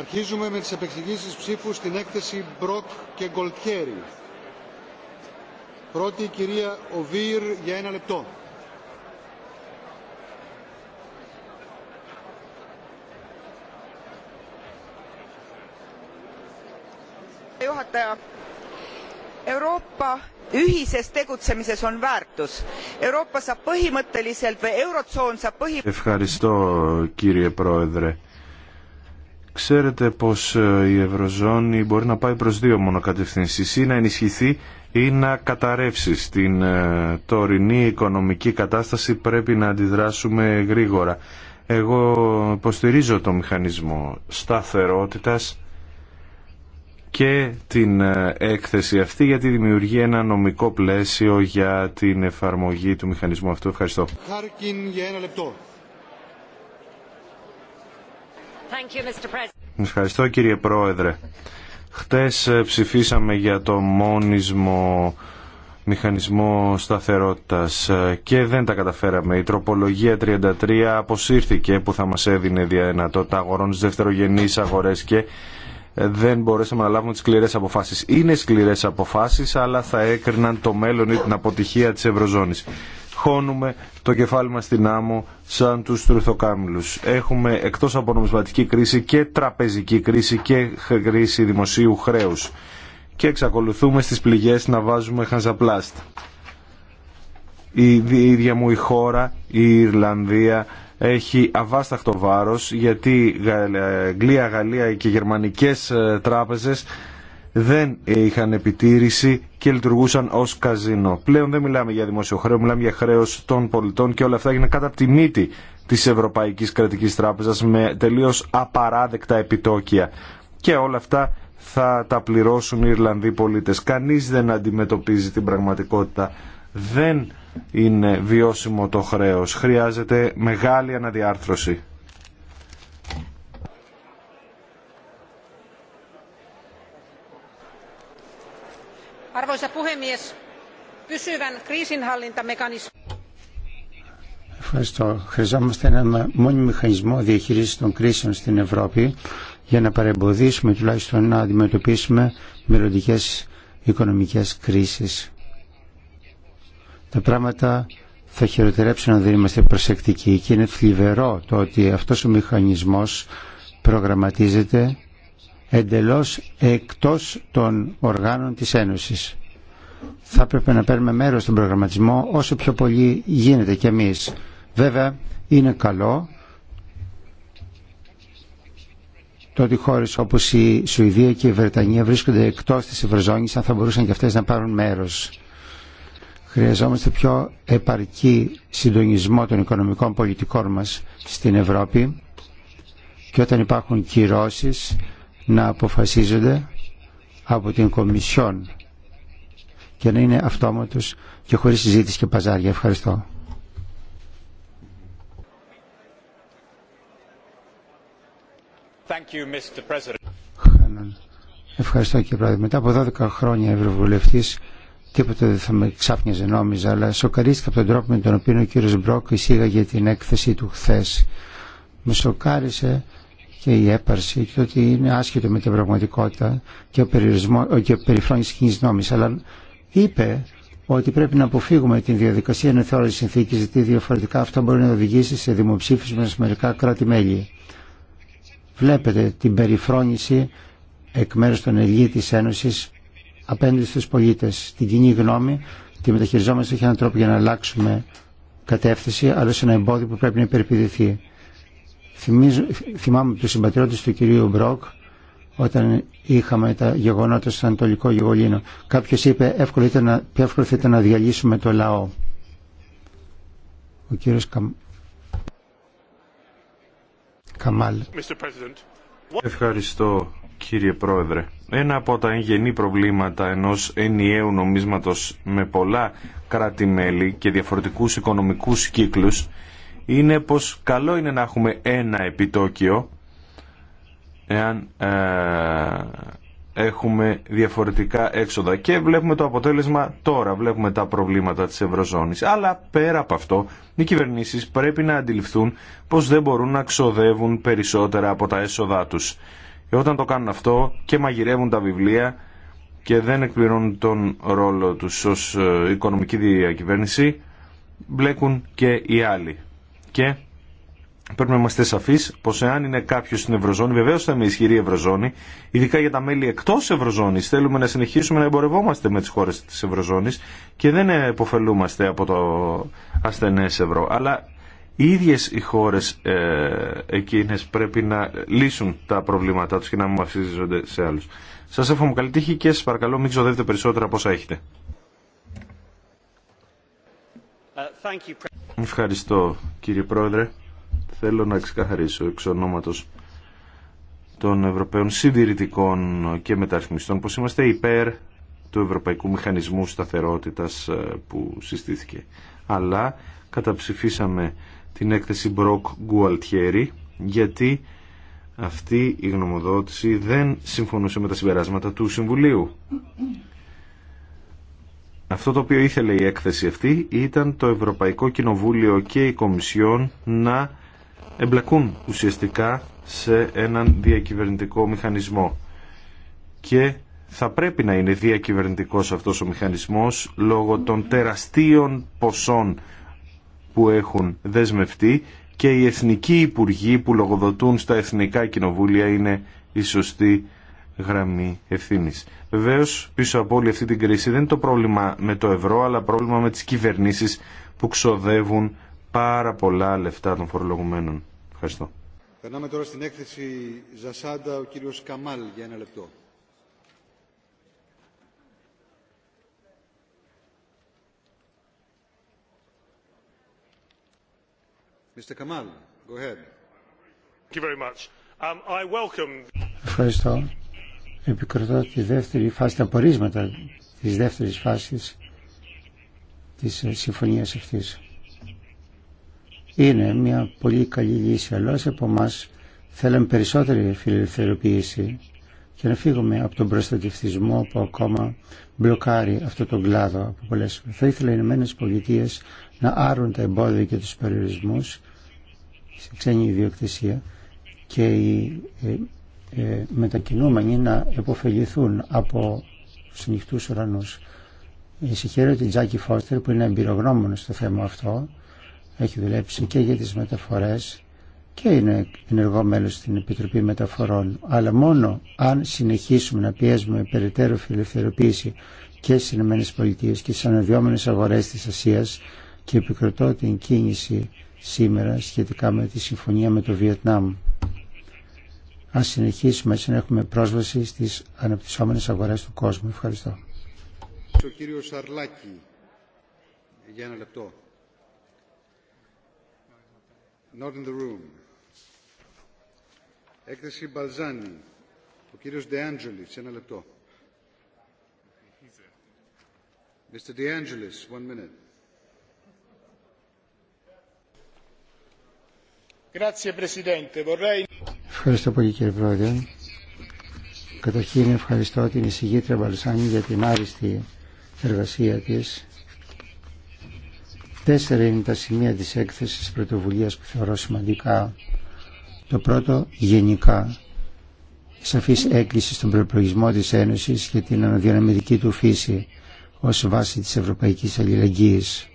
Αρχίζουμε με τις επεξηγήσεις ψήφου στην έκθεση Μπροκ και Γκολτιέρη. Πρώτη η κυρία Οβίρ για ένα λεπτό. Juhataja, Euroopa ühises tegutsemises on väärtus. Euroopa saab põhimõtteliselt või Eurotsoon saab põhimõtteliselt... Ευχαριστώ κύριε Πρόεδρε Ξέρετε πως ε, η Ευρωζώνη μπορεί να πάει προς δύο μόνο ή να ενισχυθεί ή να καταρρεύσει. Στην ε, τωρινή οικονομική κατάσταση πρέπει να αντιδράσουμε γρήγορα. Εγώ υποστηρίζω το μηχανισμό σταθερότητας και την ε, έκθεση αυτή γιατί δημιουργεί ένα νομικό πλαίσιο για την εφαρμογή του μηχανισμού αυτού. Ευχαριστώ. Ευχαριστώ κύριε Πρόεδρε. Χτες ε, ψηφίσαμε για το μόνισμο μηχανισμό σταθερότητας ε, και δεν τα καταφέραμε. Η τροπολογία 33 αποσύρθηκε που θα μας έδινε δυνατότητα αγορών στις δευτερογενείς αγορές και ε, δεν μπορέσαμε να λάβουμε τις σκληρές αποφάσεις. Είναι σκληρές αποφάσεις αλλά θα έκριναν το μέλλον ή την αποτυχία της Ευρωζώνης χώνουμε το κεφάλι μας στην άμμο σαν τους τρουθοκάμιλους. Έχουμε εκτός από νομισματική κρίση και τραπεζική κρίση και κρίση δημοσίου χρέους. Και εξακολουθούμε στις πληγές να βάζουμε χαζαπλάστ. Η ίδια μου η χώρα, η Ιρλανδία, έχει αβάσταχτο βάρος γιατί Αγγλία, Γαλλία και γερμανικές ε, τράπεζες δεν είχαν επιτήρηση και λειτουργούσαν ω καζίνο. Πλέον δεν μιλάμε για δημόσιο χρέο, μιλάμε για χρέο των πολιτών και όλα αυτά έγιναν κάτω από τη μύτη τη Ευρωπαϊκή Κρατική Τράπεζα με τελείω απαράδεκτα επιτόκια. Και όλα αυτά θα τα πληρώσουν οι Ιρλανδοί πολίτε. Κανεί δεν αντιμετωπίζει την πραγματικότητα. Δεν είναι βιώσιμο το χρέος. Χρειάζεται μεγάλη αναδιάρθρωση. Ευχαριστώ. Χρειαζόμαστε ένα μόνιμο μηχανισμό διαχείρισης των κρίσεων στην Ευρώπη για να παρεμποδίσουμε τουλάχιστον να αντιμετωπίσουμε μελλοντικέ οικονομικές κρίσεις. Τα πράγματα θα χειροτερέψουν αν δεν είμαστε προσεκτικοί και είναι θλιβερό το ότι αυτός ο μηχανισμός προγραμματίζεται εντελώς εκτός των οργάνων της Ένωσης. Θα πρέπει να παίρνουμε μέρος στον προγραμματισμό όσο πιο πολύ γίνεται κι εμείς. Βέβαια είναι καλό το ότι χώρε όπως η Σουηδία και η Βρετανία βρίσκονται εκτός της Ευρωζώνης αν θα μπορούσαν και αυτές να πάρουν μέρος. Χρειαζόμαστε πιο επαρκή συντονισμό των οικονομικών πολιτικών μα στην Ευρώπη και όταν υπάρχουν κυρώσεις να αποφασίζονται από την Κομισιόν και να είναι αυτόματος και χωρίς συζήτηση και παζάρια. Ευχαριστώ. Thank you, Mr. President. Ευχαριστώ κύριε Πρόεδρε. Μετά από 12 χρόνια ευρωβουλευτής τίποτα δεν θα με ξάφνιαζε νόμιζα, αλλά σοκαρίστηκα από τον τρόπο με τον οποίο ο κύριος Μπρόκ εισήγαγε την έκθεση του χθε. Με σοκάρισε και η έπαρση και ότι είναι άσχετο με την πραγματικότητα και ο, περιορισμό, και ο περιφρόνης κοινής νόμης. Αλλά είπε ότι πρέπει να αποφύγουμε την διαδικασία ενεθόρησης συνθήκης γιατί διαφορετικά αυτό μπορεί να οδηγήσει σε δημοψήφισμα σε μερικά κράτη-μέλη. Βλέπετε την περιφρόνηση εκ μέρους των Ελλήνων της Ένωσης απέναντι στους πολίτες, την κοινή γνώμη, τη μεταχειριζόμαστε όχι έναν τρόπο για να αλλάξουμε κατεύθυνση, αλλά σε ένα εμπόδιο που πρέπει να υπερπηδηθεί. Θυμίζω, θυμάμαι του συμπατριώτες του κυρίου Μπροκ όταν είχαμε τα γεγονότα στο Ανατολικό Γεγολίνο. Κάποιος είπε εύκολο ήταν να, πιο εύκολο θα ήταν να διαλύσουμε το λαό. Ο κύριος Καμάλ. Ευχαριστώ κύριε Πρόεδρε. Ένα από τα εγγενή προβλήματα ενός ενιαίου νομίσματος με πολλά κράτη-μέλη και διαφορετικούς οικονομικούς κύκλους είναι πως καλό είναι να έχουμε ένα επιτόκιο εάν ε, έχουμε διαφορετικά έξοδα. Και βλέπουμε το αποτέλεσμα τώρα, βλέπουμε τα προβλήματα της Ευρωζώνης. Αλλά πέρα από αυτό, οι κυβερνήσεις πρέπει να αντιληφθούν πως δεν μπορούν να ξοδεύουν περισσότερα από τα έσοδά τους. Και όταν το κάνουν αυτό και μαγειρεύουν τα βιβλία και δεν εκπληρώνουν τον ρόλο τους ως ε, οικονομική διακυβέρνηση, μπλέκουν και οι άλλοι. Και πρέπει να είμαστε σαφεί πω εάν είναι κάποιο στην Ευρωζώνη, βεβαίω θα είναι ισχυρή Ευρωζώνη, ειδικά για τα μέλη εκτό Ευρωζώνη. Θέλουμε να συνεχίσουμε να εμπορευόμαστε με τι χώρε τη Ευρωζώνη και δεν εποφελούμαστε από το ασθενέ ευρώ. Αλλά οι ίδιες οι χώρες ε, εκείνες πρέπει να λύσουν τα προβλήματά του και να μην βασίζονται σε άλλου. Σα εύχομαι καλή τύχη και σα παρακαλώ μην ξοδεύετε περισσότερα από όσα έχετε. Uh, Ευχαριστώ κύριε Πρόεδρε. Θέλω να ξεκαθαρίσω εξ ονόματος των Ευρωπαίων Συντηρητικών και Μεταρρυθμιστών πως είμαστε υπέρ του Ευρωπαϊκού Μηχανισμού Σταθερότητας ε, που συστήθηκε. Αλλά καταψηφίσαμε την έκθεση Μπροκ Γκουαλτιέρη γιατί αυτή η γνωμοδότηση δεν συμφωνούσε με τα συμπεράσματα του Συμβουλίου. Αυτό το οποίο ήθελε η έκθεση αυτή ήταν το Ευρωπαϊκό Κοινοβούλιο και η Κομισιόν να εμπλακούν ουσιαστικά σε έναν διακυβερνητικό μηχανισμό. Και θα πρέπει να είναι διακυβερνητικός αυτός ο μηχανισμός λόγω των τεραστίων ποσών που έχουν δεσμευτεί και οι εθνικοί υπουργοί που λογοδοτούν στα εθνικά κοινοβούλια είναι οι σωστοί γραμμή ευθύνη. Βεβαίω, πίσω από όλη αυτή την κρίση δεν είναι το πρόβλημα με το ευρώ, αλλά πρόβλημα με τι κυβερνήσει που ξοδεύουν πάρα πολλά λεφτά των φορολογουμένων. Ευχαριστώ. Περνάμε τώρα στην έκθεση Ζασάντα, ο κύριος Καμάλ για ένα λεπτό. Mr. Kamal, go ahead. Thank you very much. Um, I welcome... Ευχαριστώ επικροτώ τη δεύτερη φάση, τα πορίσματα της δεύτερης φάσης της ε, συμφωνίας αυτής. Είναι μια πολύ καλή λύση, αλλά όσοι από εμά θέλαμε περισσότερη φιλελευθερωποίηση και να φύγουμε από τον προστατευτισμό που ακόμα μπλοκάρει αυτό τον κλάδο από πολλές. Θα ήθελα οι Ηνωμένες Πολιτείες να άρουν τα εμπόδια και τους περιορισμούς σε ξένη ιδιοκτησία και ε, ε, μετακινούμενοι να επωφεληθούν από τους ανοιχτούς ουρανούς. Συγχαίρω την Τζάκη Φώστερ που είναι εμπειρογνώμων στο θέμα αυτό. Έχει δουλέψει και για τις μεταφορές και είναι ενεργό μέλος στην Επιτροπή Μεταφορών. Αλλά μόνο αν συνεχίσουμε να πιέζουμε περαιτέρω φιλελευθερωποίηση και στις ΗΠΑ και στι αναδυόμενε αγορές της Ασία και επικροτώ την κίνηση σήμερα σχετικά με τη συμφωνία με το Βιετνάμ αν συνεχίσουμε έτσι να έχουμε πρόσβαση στις αναπτυσσόμενες αγορές του κόσμου. Ευχαριστώ. Ο κύριος Σαρλάκη, για ένα λεπτό. Not in the room. Έκθεση Μπαλζάνη. Ο κύριος Ντεάντζελης, ένα λεπτό. Mr. De Angelis, one minute. Ευχαριστώ πολύ κύριε Πρόεδρε. Καταρχήν ευχαριστώ την εισηγήτρια Μπαλσάνη για την άριστη εργασία της. Τέσσερα είναι τα σημεία της έκθεσης πρωτοβουλίας που θεωρώ σημαντικά. Το πρώτο, γενικά, σαφής έκκληση στον προπολογισμό της Ένωσης και την αναδιαναμερική του φύση ως βάση της Ευρωπαϊκής Αλληλεγγύης.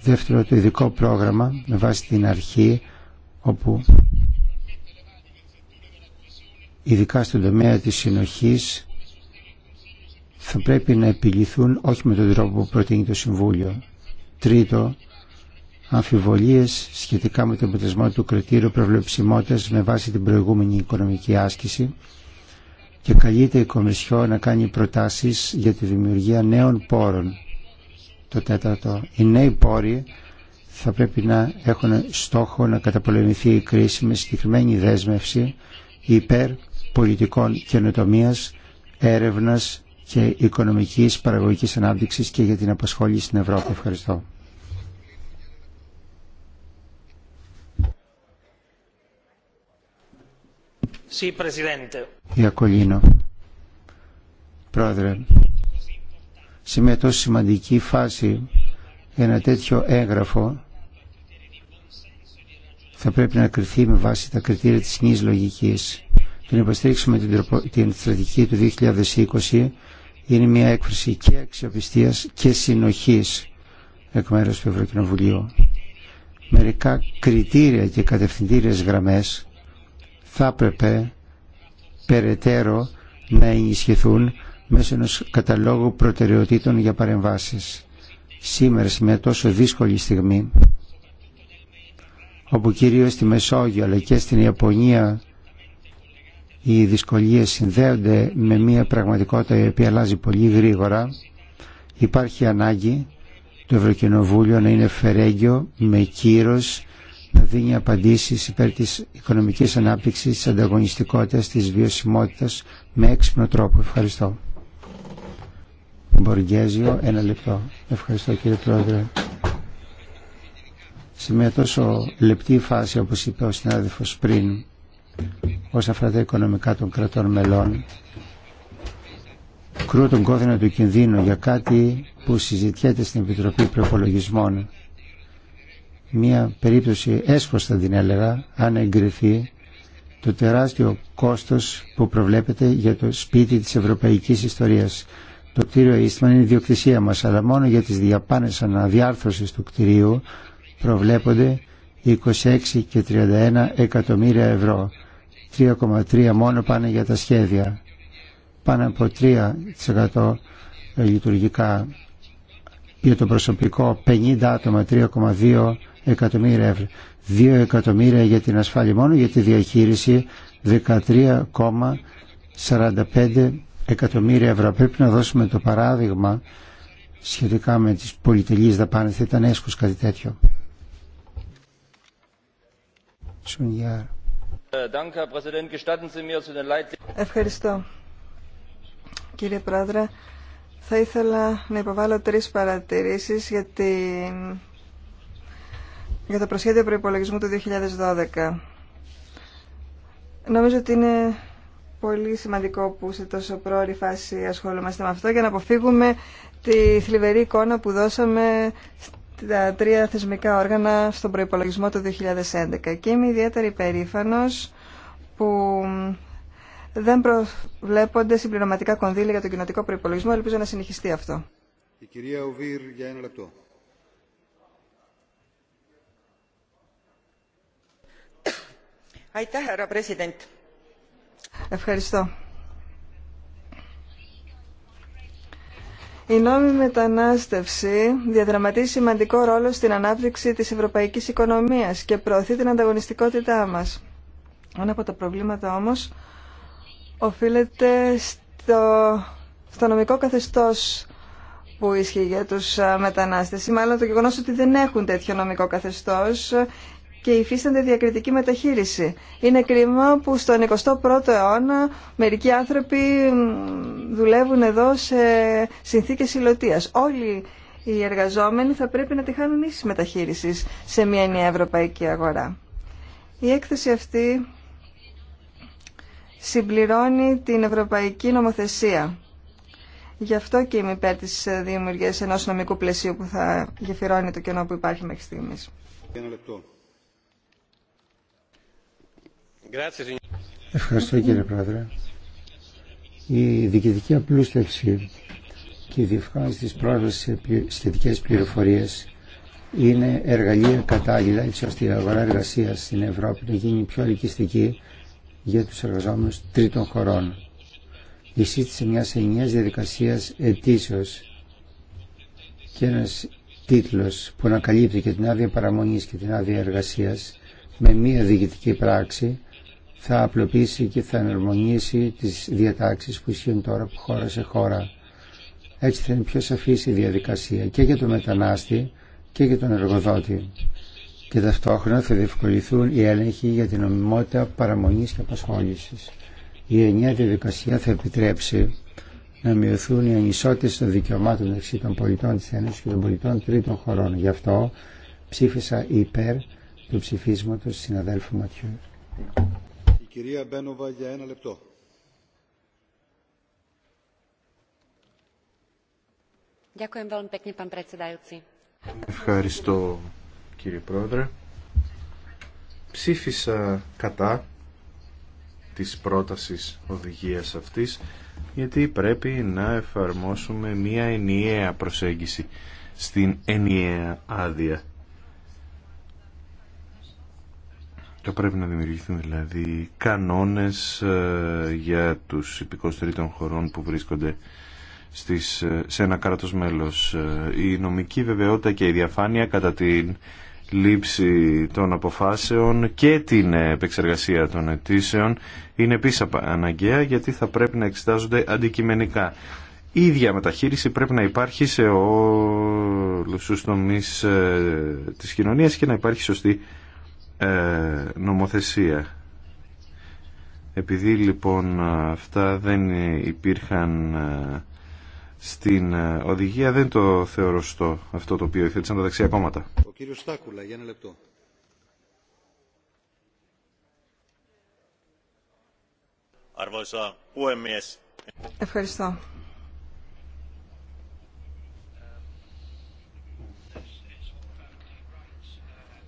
Δεύτερο, το ειδικό πρόγραμμα με βάση την αρχή όπου ειδικά στον τομέα της συνοχής θα πρέπει να επιληθούν όχι με τον τρόπο που προτείνει το Συμβούλιο. Τρίτο, αμφιβολίες σχετικά με το αποτελεσμό του κριτήριου προβλεψιμότητας με βάση την προηγούμενη οικονομική άσκηση και καλείται η Κομισιό να κάνει προτάσεις για τη δημιουργία νέων πόρων. Το τέταρτο, οι νέοι πόροι θα πρέπει να έχουν στόχο να καταπολεμηθεί η κρίση με συγκεκριμένη δέσμευση υπέρ πολιτικών καινοτομία, έρευνας και οικονομικής παραγωγικής ανάπτυξης και για την απασχόληση στην Ευρώπη. Ευχαριστώ. Ιακολίνο. Πρόεδρε, σε μια τόσο σημαντική φάση ένα τέτοιο έγγραφο θα πρέπει να κριθεί με βάση τα κριτήρια της κοινής λογικής. Την υποστήριξουμε την, την στρατηγική του 2020 είναι μια έκφραση και αξιοπιστίας και συνοχής εκ μέρους του Ευρωκοινοβουλίου. Μερικά κριτήρια και κατευθυντήριες γραμμές θα έπρεπε περαιτέρω να ενισχυθούν μέσω ενός καταλόγου προτεραιοτήτων για παρεμβάσεις σήμερα σε μια τόσο δύσκολη στιγμή όπου κυρίως στη Μεσόγειο αλλά και στην Ιαπωνία οι δυσκολίες συνδέονται με μια πραγματικότητα η οποία αλλάζει πολύ γρήγορα υπάρχει ανάγκη το Ευρωκοινοβούλιο να είναι φερέγγιο με κύρος να δίνει απαντήσεις υπέρ της οικονομικής ανάπτυξης, της ανταγωνιστικότητας, της βιωσιμότητας με έξυπνο τρόπο. Ευχαριστώ. Μποργέζιο, ένα λεπτό. Ευχαριστώ κύριε Πρόεδρε. Σε μια τόσο λεπτή φάση όπως είπε ο συνάδελφος πριν όσα αφορά τα οικονομικά των κρατών μελών κρούω τον κόδυνα του κινδύνου για κάτι που συζητιέται στην Επιτροπή Προπολογισμών. Μια περίπτωση θα την έλεγα αν εγκριθεί το τεράστιο κόστος που προβλέπεται για το σπίτι της ευρωπαϊκής ιστορίας το κτίριο Eastman είναι η διοκτησία μας, αλλά μόνο για τις διαπάνες αναδιάρθρωσης του κτιρίου προβλέπονται 26 και 31 εκατομμύρια ευρώ. 3,3 μόνο πάνε για τα σχέδια. Πάνω από 3% λειτουργικά. Για το προσωπικό 50 άτομα, 3,2 εκατομμύρια ευρώ. 2 εκατομμύρια για την ασφάλεια μόνο για τη διαχείριση 13,45 εκατομμύρια ευρώ. Πρέπει να δώσουμε το παράδειγμα σχετικά με τις πολυτελείς δαπάνες. Θα ήταν έσχος κάτι τέτοιο. Ευχαριστώ. Κύριε Πρόεδρε, θα ήθελα να υποβάλω τρεις παρατηρήσεις για, για το προσχέδιο προϋπολογισμού του 2012. Νομίζω ότι είναι πολύ σημαντικό που σε τόσο πρόωρη φάση ασχολούμαστε με αυτό για να αποφύγουμε τη θλιβερή εικόνα που δώσαμε τα τρία θεσμικά όργανα στον προϋπολογισμό του 2011. Και είμαι ιδιαίτερη περήφανος που δεν προβλέπονται συμπληρωματικά κονδύλια για τον κοινοτικό προϋπολογισμό. Ελπίζω να συνεχιστεί αυτό. Η κυρία Οβίρ για ένα λεπτό. president! Ευχαριστώ. Η νόμιμη μετανάστευση διαδραματίζει σημαντικό ρόλο στην ανάπτυξη της ευρωπαϊκής οικονομίας και προωθεί την ανταγωνιστικότητά μας. Ένα από τα προβλήματα όμως οφείλεται στο, νομικό καθεστώς που ισχύει για τους μετανάστες μάλλον το γεγονός ότι δεν έχουν τέτοιο νομικό καθεστώς και υφίστανται διακριτική μεταχείριση. Είναι κρίμα που στον 21ο αιώνα μερικοί άνθρωποι δουλεύουν εδώ σε συνθήκες υλωτίας. Όλοι οι εργαζόμενοι θα πρέπει να τη χάνουν ίσης μεταχείρισης σε μια νέα ευρωπαϊκή αγορά. Η έκθεση αυτή συμπληρώνει την ευρωπαϊκή νομοθεσία. Γι' αυτό και είμαι υπέρ τη δημιουργία ενό νομικού πλαισίου που θα γεφυρώνει το κενό που υπάρχει μέχρι στιγμή. Ευχαριστώ κύριε Πρόεδρε. Η διοικητική απλούστευση και η της πρόσβασης σε σχετικές πληροφορίες είναι εργαλεία κατάλληλα έτσι ώστε η αγορά εργασίας στην Ευρώπη να γίνει πιο ελκυστική για τους εργαζόμενους τρίτων χωρών. Η σύστηση μιας ενιαίας διαδικασίας ετήσεω και ένας τίτλος που ανακαλύπτει και την άδεια παραμονής και την άδεια εργασίας με μία διοικητική πράξη θα απλοποιήσει και θα εναρμονίσει τις διατάξεις που ισχύουν τώρα από χώρα σε χώρα. Έτσι θα είναι πιο σαφής η διαδικασία και για τον μετανάστη και για τον εργοδότη. Και ταυτόχρονα θα διευκολυθούν οι έλεγχοι για την νομιμότητα παραμονής και απασχόλησης. Η ενιαία διαδικασία θα επιτρέψει να μειωθούν οι ανισότητες των δικαιωμάτων μεταξύ των πολιτών της Ένωσης και των πολιτών τρίτων χωρών. Γι' αυτό ψήφισα υπέρ του ψηφίσματος συναδέλφου Ματιού. Ευχαριστώ κύριε Πρόεδρε. Ψήφισα κατά της πρότασης οδηγίας αυτής γιατί πρέπει να εφαρμόσουμε μία ενιαία προσέγγιση στην ενιαία άδεια Θα πρέπει να δημιουργηθούν δηλαδή κανόνες ε, για τους υπηκός τρίτων χωρών που βρίσκονται στις, ε, σε ένα κράτος μέλος. Ε, η νομική βεβαιότητα και η διαφάνεια κατά την λήψη των αποφάσεων και την επεξεργασία των αιτήσεων είναι επίση αναγκαία γιατί θα πρέπει να εξετάζονται αντικειμενικά. Η ίδια μεταχείριση πρέπει να υπάρχει σε όλους τους τομείς της κοινωνίας και να υπάρχει σωστή ε, νομοθεσία. Επειδή λοιπόν αυτά δεν υπήρχαν ε, στην ε, οδηγία δεν το θεωρώ στο αυτό το οποίο ήθελαν τα δεξιά κόμματα. Ο κύριος Στάκουλα, για ένα λεπτό. Ευχαριστώ.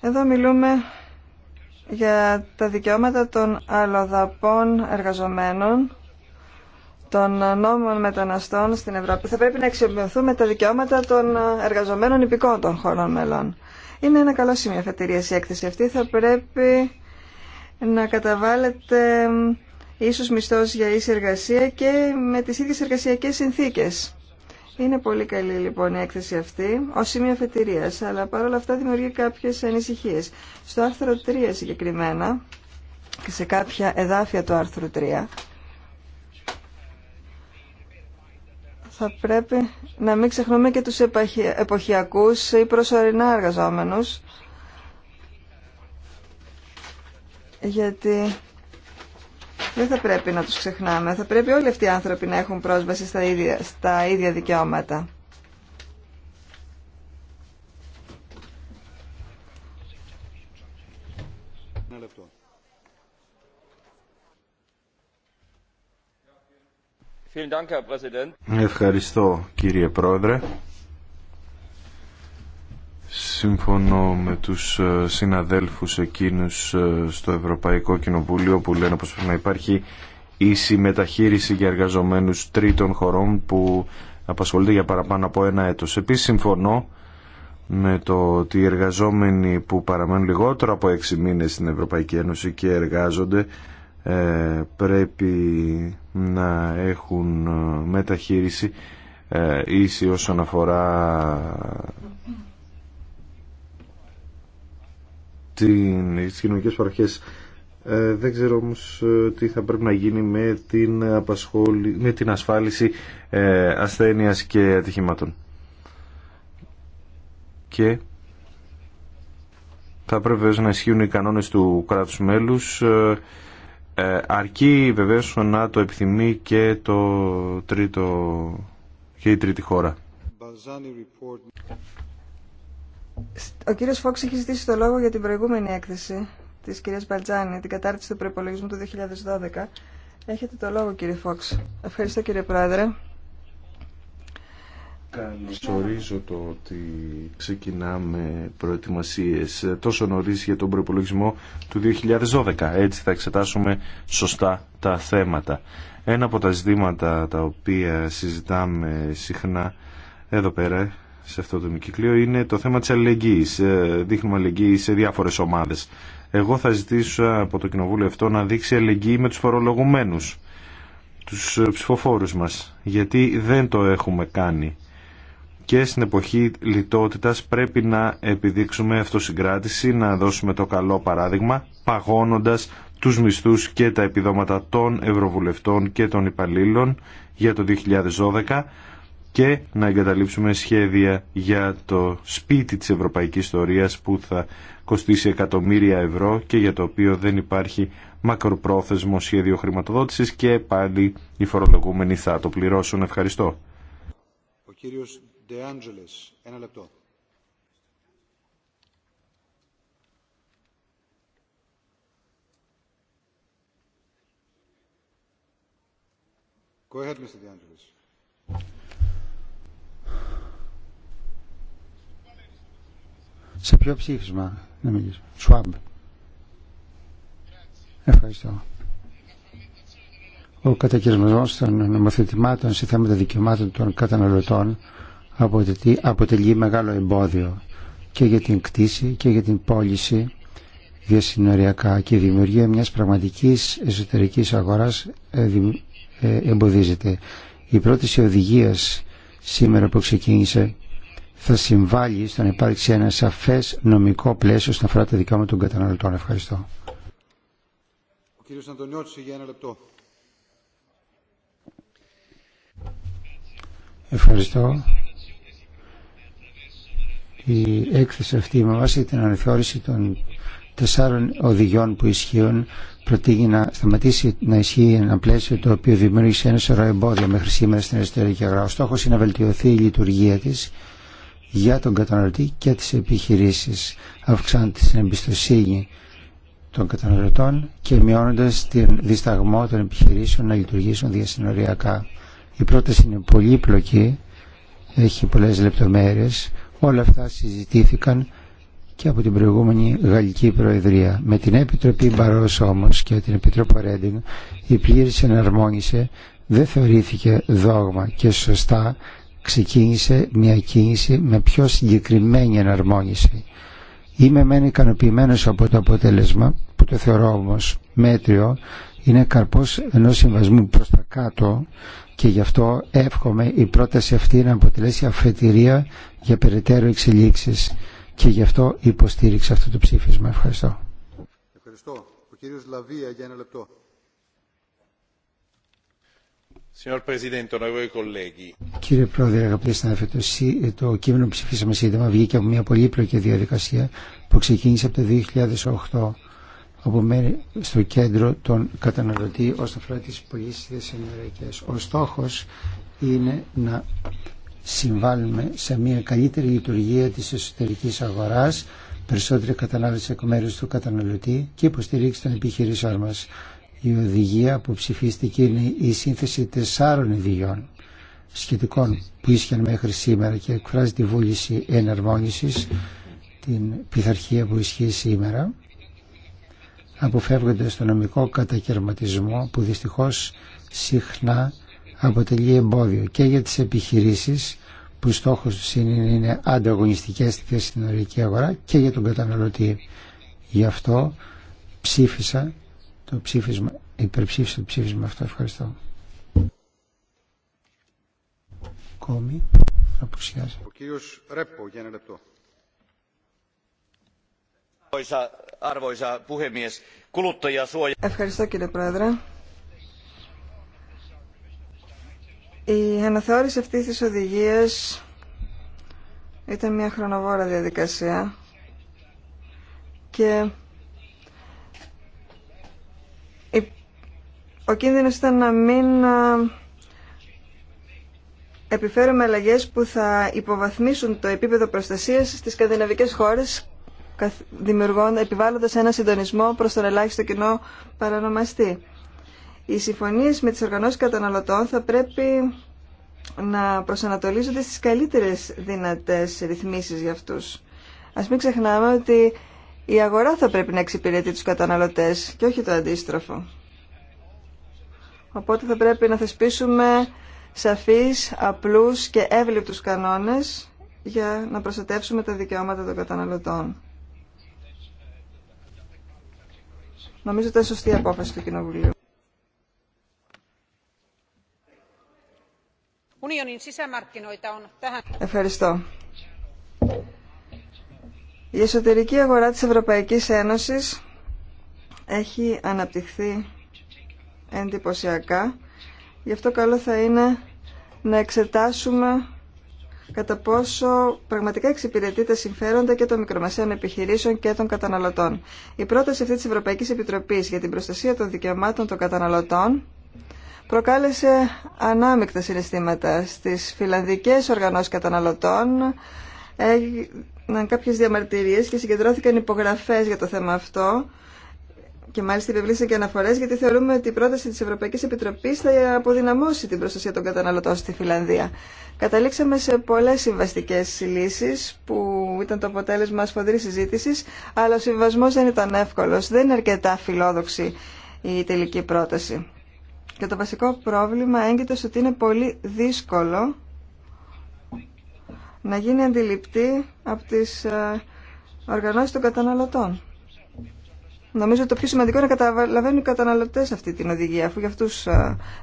Εδώ μιλούμε για τα δικαιώματα των αλλοδαπών εργαζομένων, των νόμων μεταναστών στην Ευρώπη. Θα πρέπει να αξιοποιηθούμε τα δικαιώματα των εργαζομένων υπηκών των χωρών μελών. Είναι ένα καλό σημείο αφετηρία η έκθεση αυτή. Θα πρέπει να καταβάλλεται ίσως μισθός για ίση εργασία και με τις ίδιες εργασιακές συνθήκες. Είναι πολύ καλή λοιπόν η έκθεση αυτή ω σημείο φετηρία, αλλά παρόλα αυτά δημιουργεί κάποιε ανησυχίε. Στο άρθρο 3 συγκεκριμένα, και σε κάποια εδάφια του άρθρου 3, θα πρέπει να μην ξεχνούμε και τους εποχιακούς ή προσωρινά εργαζόμενους, γιατί δεν θα πρέπει να τους ξεχνάμε. Θα πρέπει όλοι αυτοί οι άνθρωποι να έχουν πρόσβαση στα ίδια, στα ίδια δικαιώματα. Ευχαριστώ κύριε Πρόεδρε. Συμφωνώ με τους ε, συναδέλφους εκείνους ε, στο Ευρωπαϊκό Κοινοβούλιο που λένε πως πρέπει να υπάρχει ίση μεταχείριση για εργαζομένους τρίτων χωρών που απασχολείται για παραπάνω από ένα έτος. Επίσης συμφωνώ με το ότι οι εργαζόμενοι που παραμένουν λιγότερο από έξι μήνες στην Ευρωπαϊκή Ένωση και εργάζονται ε, πρέπει να έχουν μεταχείριση ίση όσον αφορά τις κοινωνικές παροχές. Ε, δεν ξέρω όμως ε, τι θα πρέπει να γίνει με την, απασχόλη, με την ασφάλιση ε, ασθένειας και ατυχημάτων. Και θα πρέπει να ισχύουν οι κανόνες του κράτους μέλους ε, αρκεί βεβαίως να το επιθυμεί και το τρίτο και η τρίτη χώρα. Ο κύριος Φόξ έχει ζητήσει το λόγο για την προηγούμενη έκθεση της κυρίας Μπαλτζάνη, την κατάρτιση του προπολογισμού του 2012. Έχετε το λόγο κύριε Φόξ. Ευχαριστώ κύριε Πρόεδρε. Καλωσορίζω το ότι ξεκινάμε προετοιμασίες τόσο νωρίς για τον προπολογισμό του 2012. Έτσι θα εξετάσουμε σωστά τα θέματα. Ένα από τα ζητήματα τα οποία συζητάμε συχνά εδώ πέρα σε αυτό το μικυκλίο είναι το θέμα της αλληλεγγύης. Ε, δείχνουμε αλληλεγγύη σε διάφορες ομάδες. Εγώ θα ζητήσω από το Κοινοβούλιο αυτό να δείξει αλληλεγγύη με τους φορολογουμένους, τους ε, ψηφοφόρους μας, γιατί δεν το έχουμε κάνει. Και στην εποχή λιτότητας πρέπει να επιδείξουμε αυτοσυγκράτηση, να δώσουμε το καλό παράδειγμα, παγώνοντας τους μισθούς και τα επιδόματα των Ευρωβουλευτών και των υπαλλήλων για το 2012, και να εγκαταλείψουμε σχέδια για το σπίτι της ευρωπαϊκής ιστορίας που θα κοστίσει εκατομμύρια ευρώ και για το οποίο δεν υπάρχει μακροπρόθεσμο σχέδιο χρηματοδότησης και πάλι οι φορολογούμενοι θα το πληρώσουν. Ευχαριστώ. Ο κύριος ένα Go ahead, Mr. Σε ποιο ψήφισμα να μιλήσω. Σουάμπ. Ευχαριστώ. Ο κατακαιρματισμός των νομοθετημάτων σε θέματα δικαιωμάτων των καταναλωτών αποτελεί, αποτελεί μεγάλο εμπόδιο και για την κτήση και για την πώληση διασυνοριακά και η δημιουργία μιας πραγματικής εσωτερικής αγοράς ε, ε, εμποδίζεται. Η πρόταση οδηγίας σήμερα που ξεκίνησε θα συμβάλλει στο να υπάρξει ένα σαφέ νομικό πλαίσιο στον αφορά τα δικαιώματα των καταναλωτών. Ευχαριστώ. Ο για ένα λεπτό. Ευχαριστώ. Η έκθεση αυτή με βάση την αναθεώρηση των τεσσάρων οδηγιών που ισχύουν προτείνει να σταματήσει να ισχύει ένα πλαίσιο το οποίο δημιούργησε ένα σωρό εμπόδια μέχρι σήμερα στην εσωτερική αγρά. Ο στόχος είναι να βελτιωθεί η λειτουργία της για τον καταναλωτή και τις επιχειρήσεις αυξάντη την εμπιστοσύνη των καταναλωτών και μειώνοντας την δισταγμό των επιχειρήσεων να λειτουργήσουν διασυνοριακά. Η πρόταση είναι πολύπλοκη, έχει πολλές λεπτομέρειες. Όλα αυτά συζητήθηκαν και από την προηγούμενη Γαλλική Προεδρία. Με την Επιτροπή Μπαρός όμως και την Επιτροπή Ρέντινγκ η πλήρης εναρμόνιση δεν θεωρήθηκε δόγμα και σωστά ξεκίνησε μια κίνηση με πιο συγκεκριμένη εναρμόνιση. Είμαι μεν ικανοποιημένο από το αποτέλεσμα, που το θεωρώ όμω μέτριο, είναι καρπός ενός συμβασμού προς τα κάτω και γι' αυτό εύχομαι η πρόταση αυτή να αποτελέσει αφετηρία για περαιτέρω εξελίξεις και γι' αυτό υποστήριξα αυτό το ψήφισμα. Ευχαριστώ. Ευχαριστώ. Ο Λαβία για ένα λεπτό. Κύριε Πρόεδρε, αγαπητέ συνάδελφοι, ε, το κείμενο που ψηφίσαμε σύντομα βγήκε από μια πολύπλοκη διαδικασία που ξεκίνησε από το 2008 από μέρη στο κέντρο των καταναλωτή όσον αφορά τι πωλήσει ενεργειακές. Ο στόχος είναι να συμβάλλουμε σε μια καλύτερη λειτουργία της εσωτερικής αγοράς, περισσότερη κατανάλωση εκ μέρους του καταναλωτή και υποστηρίξη των επιχειρήσεων μας. Η οδηγία που ψηφίστηκε είναι η σύνθεση τεσσάρων ιδιών σχετικών που ίσχυαν μέχρι σήμερα και εκφράζει τη βούληση εναρμόνισης, την πειθαρχία που ισχύει σήμερα, αποφεύγοντας τον νομικό κατακαιρματισμό που δυστυχώς συχνά αποτελεί εμπόδιο και για τις επιχειρήσεις που στόχος τους είναι, είναι ανταγωνιστικές στη στην αγορά και για τον καταναλωτή. Γι' αυτό ψήφισα το ψήφισμα, υπερψήφιση του ψήφισμα αυτό. Ευχαριστώ. Κόμι, Ο κύριος Ρέπο, για ένα λεπτό. Ευχαριστώ κύριε Πρόεδρε. Η αναθεώρηση αυτής της οδηγίας ήταν μια χρονοβόρα διαδικασία και ο κίνδυνος ήταν να μην επιφέρουμε αλλαγές που θα υποβαθμίσουν το επίπεδο προστασίας στις σκανδιναβικές χώρες δημιουργών, επιβάλλοντας ένα συντονισμό προς τον ελάχιστο κοινό παρανομαστή. Οι συμφωνίες με τις οργανώσεις καταναλωτών θα πρέπει να προσανατολίζονται στις καλύτερες δυνατές ρυθμίσεις για αυτούς. Ας μην ξεχνάμε ότι η αγορά θα πρέπει να εξυπηρετεί τους καταναλωτές και όχι το αντίστροφο. Οπότε θα πρέπει να θεσπίσουμε σαφείς, απλούς και εύληπτους κανόνες για να προστατεύσουμε τα δικαιώματα των καταναλωτών. Νομίζω ότι είναι σωστή η απόφαση του Κοινοβουλίου. Ευχαριστώ. Η εσωτερική αγορά της Ευρωπαϊκής Ένωσης έχει αναπτυχθεί εντυπωσιακά. Γι' αυτό καλό θα είναι να εξετάσουμε κατά πόσο πραγματικά εξυπηρετεί τα συμφέροντα και των μικρομεσαίων επιχειρήσεων και των καταναλωτών. Η πρόταση αυτή της Ευρωπαϊκής Επιτροπής για την προστασία των δικαιωμάτων των καταναλωτών προκάλεσε ανάμεικτα συναισθήματα στις φιλανδικές οργανώσεις καταναλωτών έγιναν κάποιες διαμαρτυρίες και συγκεντρώθηκαν υπογραφές για το θέμα αυτό και μάλιστα επιβλήσαν και αναφορέ γιατί θεωρούμε ότι η πρόταση τη Ευρωπαϊκή Επιτροπή θα αποδυναμώσει την προστασία των καταναλωτών στη Φιλανδία. Καταλήξαμε σε πολλέ συμβαστικέ λύσει που ήταν το αποτέλεσμα σφοδρή συζήτηση, αλλά ο συμβασμό δεν ήταν εύκολο. Δεν είναι αρκετά φιλόδοξη η τελική πρόταση. Και το βασικό πρόβλημα έγκυται στο ότι είναι πολύ δύσκολο να γίνει αντιληπτή από τις ε, οργανώσεις των καταναλωτών. Νομίζω ότι το πιο σημαντικό είναι να καταλαβαίνουν οι καταναλωτέ αυτή την οδηγία, αφού για αυτού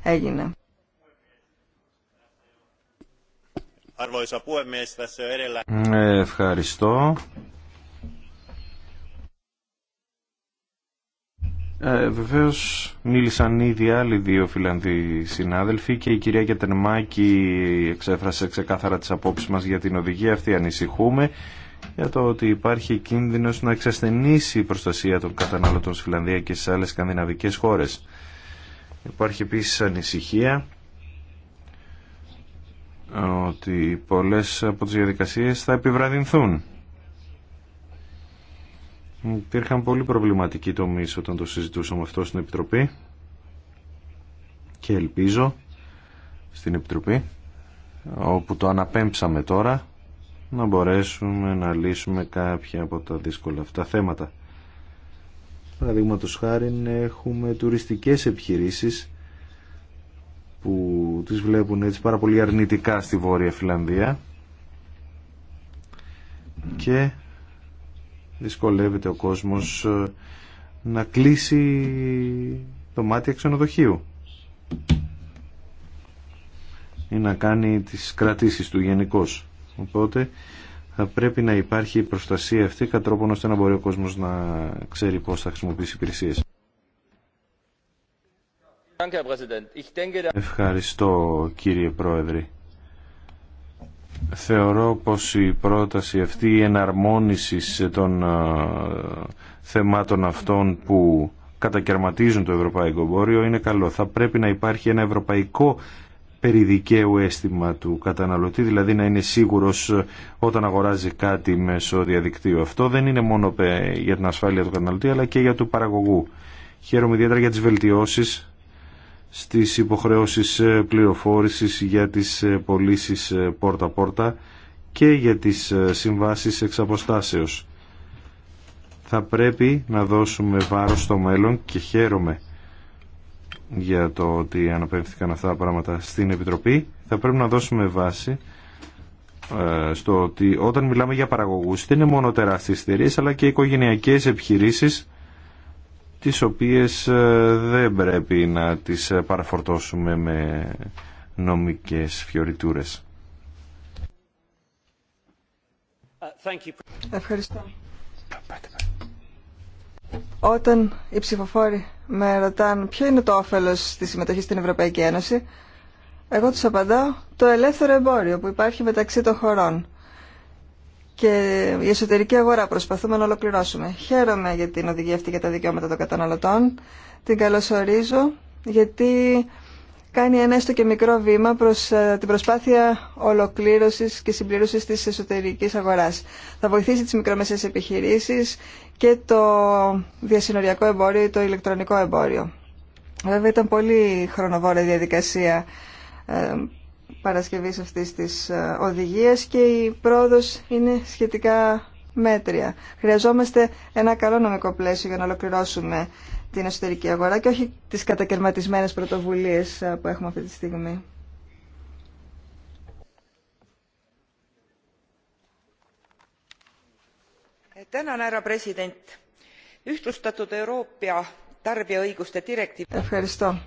έγινε. Ε, ευχαριστώ. Ε, Βεβαίω μίλησαν ήδη άλλοι δύο Φιλανδοί συνάδελφοι και η κυρία Γιατερμάκη εξέφρασε ξεκάθαρα τι απόψει μα για την οδηγία αυτή ανησυχούμε για το ότι υπάρχει κίνδυνος να εξασθενήσει η προστασία των καταναλωτών στη Φιλανδία και στις άλλες σκανδιναβικές χώρες. Υπάρχει επίσης ανησυχία ότι πολλές από τις διαδικασίες θα επιβραδυνθούν. Υπήρχαν πολύ προβληματικοί τομεί όταν το συζητούσαμε αυτό στην Επιτροπή και ελπίζω στην Επιτροπή όπου το αναπέμψαμε τώρα να μπορέσουμε να λύσουμε κάποια από τα δύσκολα αυτά θέματα. Παραδείγματο χάρη έχουμε τουριστικές επιχειρήσεις που τις βλέπουν έτσι πάρα πολύ αρνητικά στη Βόρεια Φιλανδία και δυσκολεύεται ο κόσμος ε, να κλείσει το μάτι ξενοδοχείου ή να κάνει τις κρατήσεις του γενικώς. Οπότε θα πρέπει να υπάρχει η προστασία αυτή κατά τρόπον ώστε να μπορεί ο κόσμος να ξέρει πώς θα χρησιμοποιήσει υπηρεσίες. Ευχαριστώ κύριε Πρόεδρε. Θεωρώ πως η πρόταση αυτή η εναρμόνιση των ε, θεμάτων αυτών που κατακαιρματίζουν το ευρωπαϊκό εμπόριο είναι καλό. Θα πρέπει να υπάρχει ένα ευρωπαϊκό περιδικαίου αίσθημα του καταναλωτή, δηλαδή να είναι σίγουρος όταν αγοράζει κάτι μέσω διαδικτύου. Αυτό δεν είναι μόνο για την ασφάλεια του καταναλωτή, αλλά και για του παραγωγού. Χαίρομαι ιδιαίτερα για τις βελτιώσεις στις υποχρεώσεις ε, πληροφόρησης για τις ε, πωλήσει ε, πόρτα-πόρτα και για τις συμβάσεις εξ αποστάσεως. Θα πρέπει να δώσουμε βάρος στο μέλλον και χαίρομαι για το ότι αναπέμφθηκαν αυτά τα πράγματα στην Επιτροπή θα πρέπει να δώσουμε βάση ε, στο ότι όταν μιλάμε για παραγωγούς δεν είναι μόνο τεράστιε εταιρείε, αλλά και οικογενειακές επιχειρήσεις τις οποίες ε, δεν πρέπει να τις ε, παραφορτώσουμε με νομικές φιωριτούρες. Ευχαριστώ. Όταν οι ψηφοφόροι με ρωτάνε ποιο είναι το όφελος της συμμετοχής στην Ευρωπαϊκή Ένωση, εγώ τους απαντάω το ελεύθερο εμπόριο που υπάρχει μεταξύ των χωρών και η εσωτερική αγορά προσπαθούμε να ολοκληρώσουμε. Χαίρομαι για την οδηγία αυτή για τα δικαιώματα των καταναλωτών. Την καλωσορίζω γιατί κάνει ένα έστω και μικρό βήμα προς ε, την προσπάθεια ολοκλήρωσης και συμπλήρωσης της εσωτερικής αγοράς. Θα βοηθήσει τις μικρομεσαίες επιχειρήσεις και το διασυνοριακό εμπόριο ή το ηλεκτρονικό εμπόριο. Βέβαια ήταν πολύ χρονοβόρα διαδικασία ε, παρασκευής αυτής της ε, οδηγίας και η πρόοδος είναι σχετικά μέτρια. Χρειαζόμαστε ένα καλό νομικό πλαίσιο για να ολοκληρώσουμε την εσωτερική αγορά και όχι τις κατακαιρματισμένες πρωτοβουλίες ε, που έχουμε αυτή τη στιγμή. Ευχαριστώ.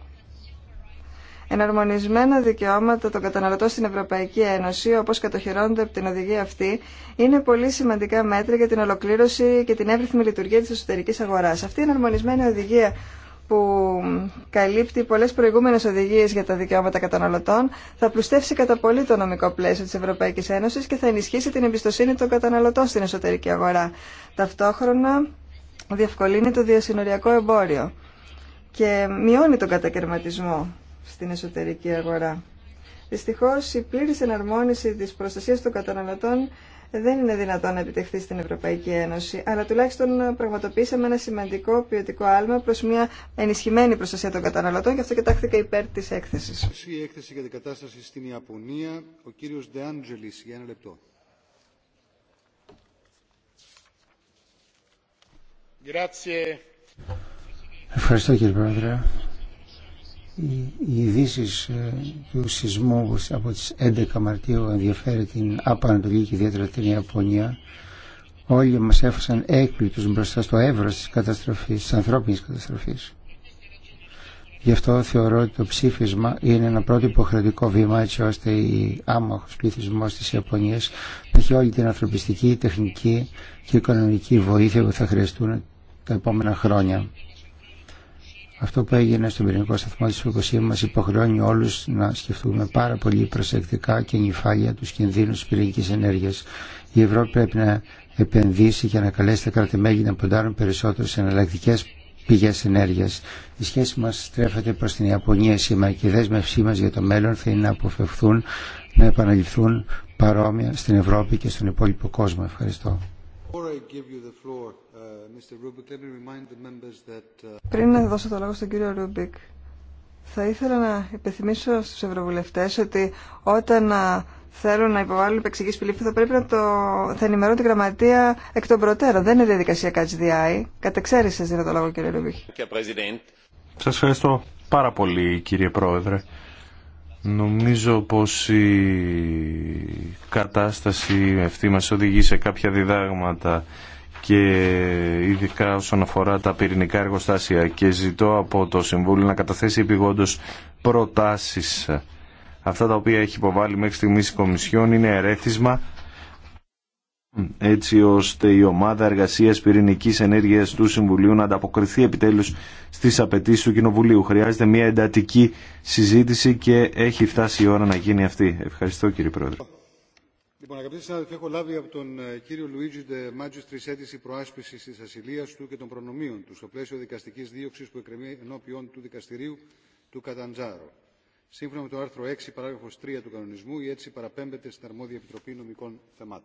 Εναρμονισμένα δικαιώματα των καταναλωτών στην Ευρωπαϊκή Ένωση, όπω κατοχυρώνονται από την οδηγία αυτή, είναι πολύ σημαντικά μέτρα για την ολοκλήρωση και την εύρυθμη λειτουργία τη εσωτερική αγορά. Αυτή η εναρμονισμένη οδηγία που καλύπτει πολλές προηγούμενες οδηγίες για τα δικαιώματα καταναλωτών, θα πλουστεύσει κατά πολύ το νομικό πλαίσιο της Ευρωπαϊκής Ένωσης και θα ενισχύσει την εμπιστοσύνη των καταναλωτών στην εσωτερική αγορά. Ταυτόχρονα διευκολύνει το διασυνοριακό εμπόριο και μειώνει τον κατακαιρματισμό στην εσωτερική αγορά. Δυστυχώ, η πλήρη εναρμόνιση της προστασία των καταναλωτών δεν είναι δυνατόν να επιτευχθεί στην Ευρωπαϊκή Ένωση, αλλά τουλάχιστον πραγματοποιήσαμε ένα σημαντικό ποιοτικό άλμα προς μια ενισχυμένη προστασία των καταναλωτών, και αυτό και υπέρ τη έκθεσης. Η έκθεση για στην Ιαπωνία, ο για ένα λεπτό. Ευχαριστώ κύριε Πρόεδρε οι ειδήσει ε, του σεισμού από τις 11 Μαρτίου ενδιαφέρει την Απανατολή και ιδιαίτερα την Ιαπωνία όλοι μας έφασαν έκπληκτους μπροστά στο έβρος της καταστροφής, της ανθρώπινης καταστροφής. Γι' αυτό θεωρώ ότι το ψήφισμα είναι ένα πρώτο υποχρεωτικό βήμα έτσι ώστε η άμαχος πληθυσμός της Ιαπωνίας να έχει όλη την ανθρωπιστική, τεχνική και οικονομική βοήθεια που θα χρειαστούν τα επόμενα χρόνια. Αυτό που έγινε στον πυρηνικό σταθμό της Φουκουσίμα μας υποχρεώνει όλους να σκεφτούμε πάρα πολύ προσεκτικά και νυφάλια τους κινδύνους της πυρηνικής ενέργειας. Η Ευρώπη πρέπει να επενδύσει και να καλέσει τα κράτη-μέλη να ποντάρουν περισσότερο σε εναλλακτικές πηγές ενέργειας. Η σχέση μας στρέφεται προς την Ιαπωνία σήμερα και η δέσμευσή μας για το μέλλον θα είναι να αποφευθούν να επαναληφθούν παρόμοια στην Ευρώπη και στον υπόλοιπο κόσμο. Ευχαριστώ. Uh, Πριν να δώσω το λόγο στον κύριο Ρούμπικ, θα ήθελα να υπενθυμίσω στους ευρωβουλευτές ότι όταν θέλουν να υποβάλουν επεξηγήσεις πηλήφθη θα πρέπει να το... θα ενημερώνουν την γραμματεία εκ των προτέρων. Δεν είναι διαδικασία ΚΑΤΣΔΙ. the δίνω το λόγο κύριε Ρούμπικ. Σας ευχαριστώ πάρα πολύ κύριε Πρόεδρε. Νομίζω πως η κατάσταση αυτή μας οδηγεί σε κάποια διδάγματα και ειδικά όσον αφορά τα πυρηνικά εργοστάσια και ζητώ από το Συμβούλιο να καταθέσει επιγόντως προτάσεις. Αυτά τα οποία έχει υποβάλει μέχρι στιγμής η Κομισιόν είναι ερέθισμα έτσι ώστε η ομάδα εργασίας πυρηνικής ενέργειας του Συμβουλίου να ανταποκριθεί επιτέλους στις απαιτήσεις του Κοινοβουλίου. Χρειάζεται μια εντατική συζήτηση και έχει φτάσει η ώρα να γίνει αυτή. Ευχαριστώ κύριε Πρόεδρε. Λοιπόν, αγαπητοί συνάδελφοι, έχω λάβει από τον ε, κύριο Λουίτζι Ντε Μάτζιστρη αίτηση προάσπιση τη ασυλία του και των προνομίων του στο πλαίσιο δικαστική δίωξη που εκκρεμεί ενώπιον του δικαστηρίου του Καταντζάρο. Σύμφωνα με το άρθρο 6, παράγραφο 3 του κανονισμού, η έτσι παραπέμπεται στην αρμόδια Επιτροπή Νομικών Θεμάτων.